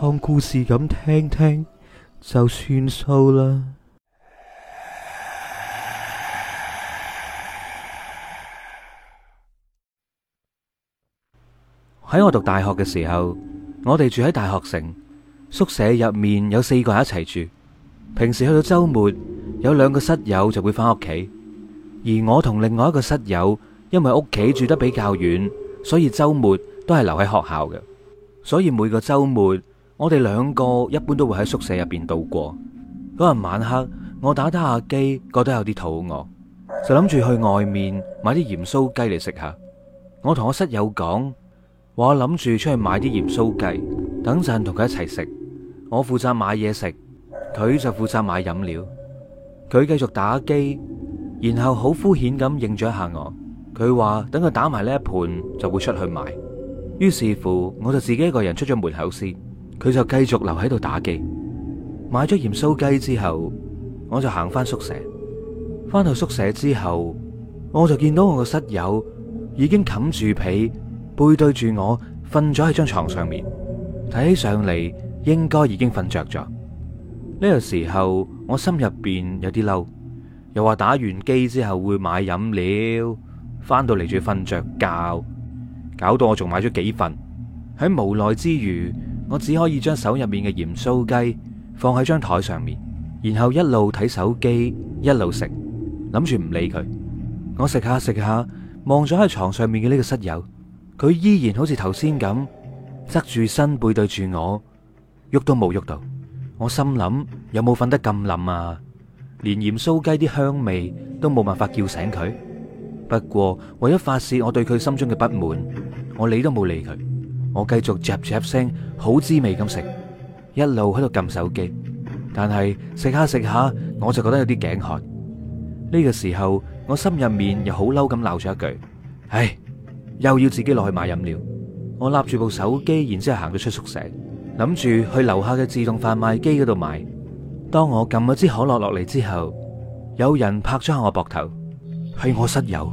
當故事咁聽聽就算數啦。喺我讀大學嘅時候，我哋住喺大學城，宿舍入面有四個人一齊住。平時去到周末，有兩個室友就會翻屋企，而我同另外一個室友因為屋企住得比較遠，所以周末都係留喺學校嘅。所以每個周末，我哋兩個一般都會喺宿舍入邊度過嗰日晚黑，我打打下機，覺得有啲肚餓，就諗住去外面買啲鹽酥雞嚟食下。我同我室友講話，諗住出去買啲鹽酥雞，等陣同佢一齊食。我負責買嘢食，佢就負責買飲料。佢繼續打機，然後好敷衍咁應咗一下我。佢話等佢打埋呢一盤就會出去買。於是乎，我就自己一個人出咗門口先。佢就繼續留喺度打機，買咗鹽酥雞之後，我就行翻宿舍。翻到宿舍之後，我就見到我個室友已經冚住被，背對住我瞓咗喺張床上面。睇起上嚟應該已經瞓着咗。呢個時候我心入邊有啲嬲，又話打完機之後會買飲料，翻到嚟住瞓着覺，搞到我仲買咗幾份。喺無奈之餘。我只可以將手入面嘅鹽酥雞放喺張台上面，然後一路睇手機，一路食，諗住唔理佢。我食下食下，望咗喺床上面嘅呢個室友，佢依然好似頭先咁側住身背對住我，喐都冇喐到。我心諗有冇瞓得咁冧啊？連鹽酥雞啲香味都冇辦法叫醒佢。不過，為咗發泄我對佢心中嘅不滿，我理都冇理佢。我繼續嚼嚼聲，好滋味咁食，一路喺度撳手機。但係食下食下，我就覺得有啲頸渴。呢個時候，我心入面又好嬲咁鬧咗一句：唉，又要自己落去買飲料。我立住部手機，然之後行咗出宿舍，諗住去樓下嘅自動販賣機嗰度買。當我撳咗支可樂落嚟之後，有人拍咗下我膊頭，係我室友。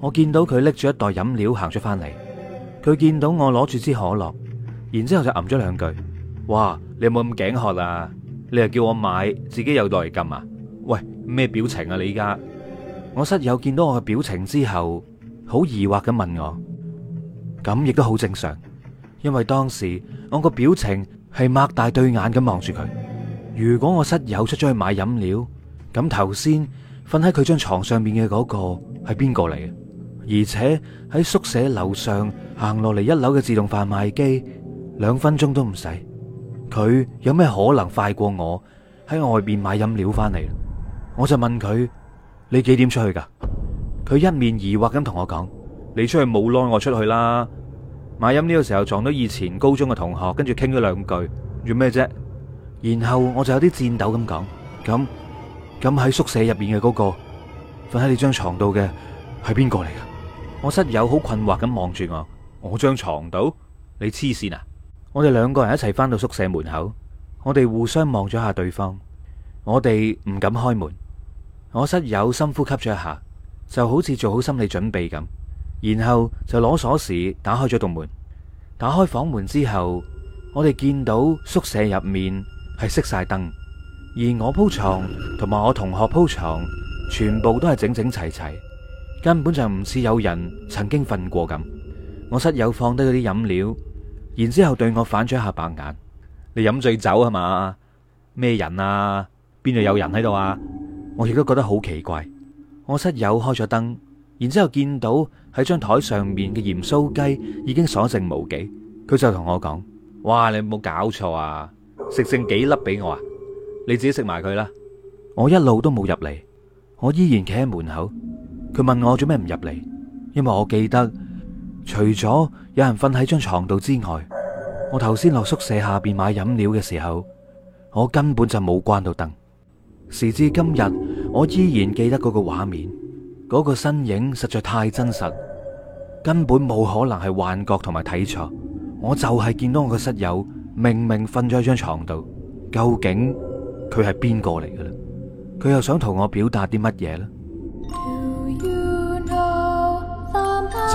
我見到佢拎住一袋飲料行咗翻嚟。佢見到我攞住支可樂，然之後就吟咗兩句：哇，你有冇咁頸渴啊？你又叫我買，自己有內勁啊？喂，咩表情啊？你依家？我室友見到我嘅表情之後，好疑惑咁問我。咁亦都好正常，因為當時我個表情係擘大對眼咁望住佢。如果我室友出咗去買飲料，咁頭先瞓喺佢張床上面嘅嗰個係邊個嚟？而且喺宿舍樓上行落嚟一樓嘅自動販賣機，兩分鐘都唔使，佢有咩可能快過我喺外邊買飲料翻嚟？我就問佢：你幾點出去噶？佢一面疑惑咁同我講：你出去冇耐？我出去啦。買飲料嘅時候撞到以前高中嘅同學，跟住傾咗兩句，做咩啫？然後我就有啲顫抖咁講：咁咁喺宿舍入面嘅嗰個瞓喺你張床度嘅係邊個嚟噶？我室友好困惑咁望住我，我張床度，你黐線啊！我哋兩個人一齊翻到宿舍門口，我哋互相望咗下對方，我哋唔敢開門。我室友深呼吸咗一下，就好似做好心理準備咁，然後就攞鎖匙打開咗道門。打開房門之後，我哋見到宿舍入面係熄晒燈，而我鋪床同埋我同學鋪床全部都係整整齊齊。根本就唔似有人曾經瞓過咁。我室友放低咗啲飲料，然之後對我反咗一下白眼。你飲醉酒係嘛？咩人啊？邊度有人喺度啊？我亦都覺得好奇怪。我室友開咗燈，然之後見到喺張台上面嘅鹽酥雞已經所剩無幾，佢就同我講：哇，你有冇搞錯啊？食剩幾粒俾我啊？你自己食埋佢啦。我一路都冇入嚟，我依然企喺門口。佢問我做咩唔入嚟？因為我記得除咗有人瞓喺張床度之外，我頭先落宿舍下邊買飲料嘅時候，我根本就冇關到燈。時至今日，我依然記得嗰個畫面，嗰個身影實在太真實，根本冇可能係幻覺同埋睇錯。我就係見到我個室友明明瞓咗喺張床度，究竟佢係邊個嚟嘅咧？佢又想同我表達啲乜嘢呢？